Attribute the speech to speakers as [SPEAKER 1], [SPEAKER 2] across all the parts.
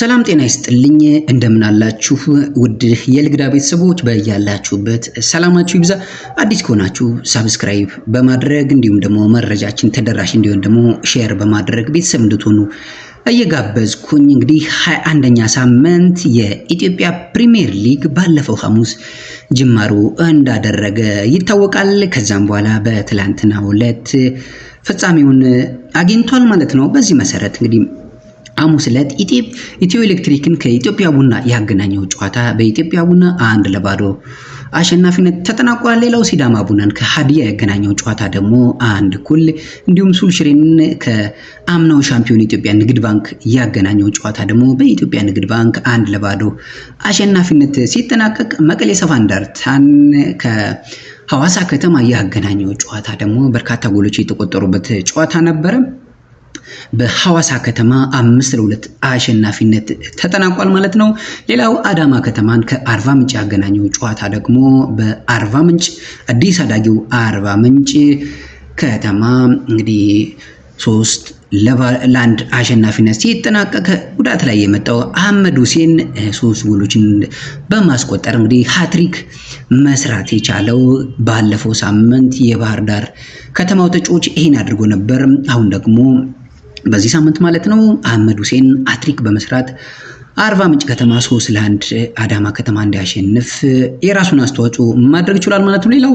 [SPEAKER 1] ሰላም ጤና ይስጥልኝ። እንደምናላችሁ ውድ የልግዳ ቤተሰቦች በያላችሁበት ሰላማችሁ ይብዛ። አዲስ ከሆናችሁ ሳብስክራይብ በማድረግ እንዲሁም ደግሞ መረጃችን ተደራሽ እንዲሆን ደግሞ ሼር በማድረግ ቤተሰብ እንድትሆኑ እየጋበዝኩኝ እንግዲህ ሀያ አንደኛ ሳምንት የኢትዮጵያ ፕሪሚየር ሊግ ባለፈው ሐሙስ ጅማሩ እንዳደረገ ይታወቃል። ከዛም በኋላ በትላንትናው ዕለት ፍጻሜውን አግኝቷል ማለት ነው። በዚህ መሰረት እንግዲህ ሐሙስ ዕለት ኢትዮ ኤሌክትሪክን ከኢትዮጵያ ቡና ያገናኘው ጨዋታ በኢትዮጵያ ቡና አንድ ለባዶ አሸናፊነት ተጠናቋል። ሌላው ሲዳማ ቡናን ከሀዲያ ያገናኘው ጨዋታ ደግሞ አንድ እኩል፣ እንዲሁም ሱልሽሬን ከአምናው ሻምፒዮን ኢትዮጵያ ንግድ ባንክ ያገናኘው ጨዋታ ደግሞ በኢትዮጵያ ንግድ ባንክ አንድ ለባዶ አሸናፊነት ሲጠናቀቅ መቀሌ ሰባ እንደርታን ከሐዋሳ ከተማ ያገናኘው ጨዋታ ደግሞ በርካታ ጎሎች የተቆጠሩበት ጨዋታ ነበረ። በሐዋሳ ከተማ አምስት ለሁለት አሸናፊነት ተጠናቋል ማለት ነው። ሌላው አዳማ ከተማን ከአርባ ምንጭ ያገናኘው ጨዋታ ደግሞ በአርባ ምንጭ አዲስ አዳጊው አርባ ምንጭ ከተማ እንግዲህ ሶስት ለአንድ አሸናፊነት ሲጠናቀቅ ጉዳት ላይ የመጣው አህመድ ሁሴን ሶስት ጎሎችን በማስቆጠር እንግዲህ ሃትሪክ መስራት የቻለው ባለፈው ሳምንት የባህር ዳር ከተማው ተጫዋች ይህን አድርጎ ነበር። አሁን ደግሞ በዚህ ሳምንት ማለት ነው አህመድ ሁሴን አትሪክ በመስራት አርባ ምንጭ ከተማ ሶስት ለአንድ አዳማ ከተማ እንዲያሸንፍ የራሱን አስተዋጽኦ ማድረግ ይችላል ማለት ነው። ሌላው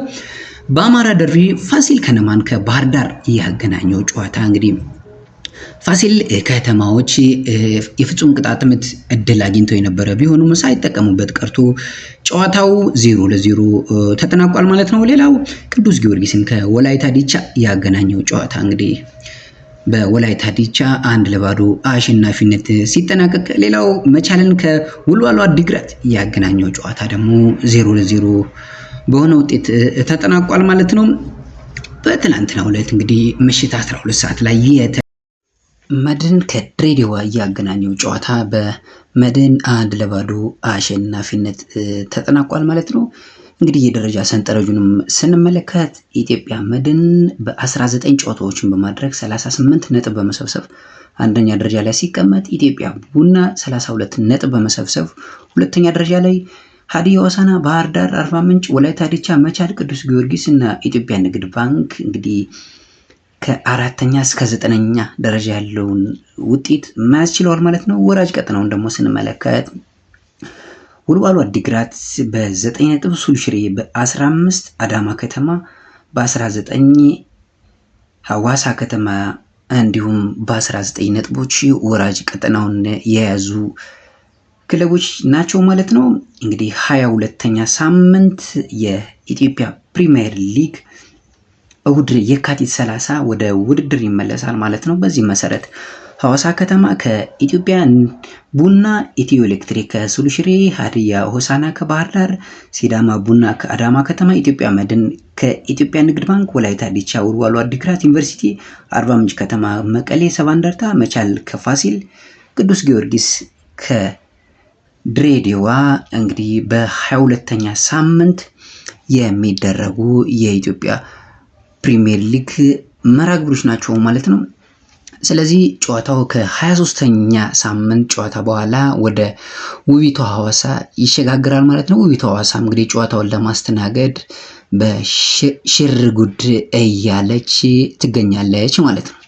[SPEAKER 1] በአማራ ደርቢ ፋሲል ከነማን ከባህር ዳር ያገናኘው ጨዋታ እንግዲህ ፋሲል ከተማዎች የፍጹም ቅጣት ምት እድል አግኝተው የነበረ ቢሆኑም ሳይጠቀሙበት ቀርቶ ጨዋታው ዜሮ ለዜሮ ተጠናቋል ማለት ነው። ሌላው ቅዱስ ጊዮርጊስን ከወላይታ ዲቻ ያገናኘው ጨዋታ እንግዲህ በወላይታ ዲቻ አንድ ለባዶ አሸናፊነት ሲጠናቀቅ ሌላው መቻልን ከወልዋሎ አዲግራት ያገናኘው ጨዋታ ደግሞ ዜሮ ለዜሮ በሆነ ውጤት ተጠናቋል ማለት ነው። በትላንትና ሁለት እንግዲህ ምሽት 12 ሰዓት ላይ የተ መድን ከድሬዳዋ እያገናኘው ጨዋታ በመድን አንድ ለባዶ አሸናፊነት ተጠናቋል ማለት ነው። እንግዲህ የደረጃ ሰንጠረጁንም ስንመለከት የኢትዮጵያ መድን በ19 ጨዋታዎችን በማድረግ 38 ነጥብ በመሰብሰብ አንደኛ ደረጃ ላይ ሲቀመጥ ኢትዮጵያ ቡና 32 ነጥብ በመሰብሰብ ሁለተኛ ደረጃ ላይ ሀዲያ ሆሳዕና፣ ባህር ዳር፣ አርባ ምንጭ፣ ወላይታ ዲቻ፣ መቻል፣ ቅዱስ ጊዮርጊስ እና ኢትዮጵያ ንግድ ባንክ እንግዲህ ከአራተኛ እስከ ዘጠነኛ ደረጃ ያለውን ውጤት መያዝ ችለዋል ማለት ነው። ወራጅ ቀጠናውን ደግሞ ስንመለከት ወልዋሎ አዲግራት በ9 ነጥብ፣ ሱል በ15፣ አዳማ ከተማ በ19፣ ሐዋሳ ከተማ እንዲሁም በ19 ነጥቦች ወራጅ ቀጠናውን የያዙ ክለቦች ናቸው ማለት ነው። እንግዲህ ሀያ ሁለተኛ ሳምንት የኢትዮጵያ ፕሪሚየር ሊግ እሁድ የካቲት 30 ወደ ውድድር ይመለሳል ማለት ነው። በዚህ መሰረት ሐዋሳ ከተማ ከኢትዮጵያ ቡና፣ ኢትዮ ኤሌክትሪክ ከሱሉሽሬ፣ ሀዲያ ሆሳና ከባህር ዳር፣ ሲዳማ ቡና ከአዳማ ከተማ፣ ኢትዮጵያ መድን ከኢትዮጵያ ንግድ ባንክ፣ ወላይታ ዲቻ ወልዋሎ አዲግራት ዩኒቨርሲቲ፣ አርባ ምንጭ ከተማ፣ መቀሌ ሰባ እንደርታ፣ መቻል ከፋሲል፣ ቅዱስ ጊዮርጊስ ከድሬዳዋ እንግዲህ በሀያ ሁለተኛ ሳምንት የሚደረጉ የኢትዮጵያ ፕሪሚየር ሊግ መራግብሮች ናቸው ማለት ነው። ስለዚህ ጨዋታው ከ23ኛ ሳምንት ጨዋታ በኋላ ወደ ውቢቷ ሐዋሳ ይሸጋግራል ማለት ነው። ውቢቷ ሐዋሳ እንግዲህ ጨዋታውን ለማስተናገድ በሽርጉድ እያለች ትገኛለች ማለት ነው።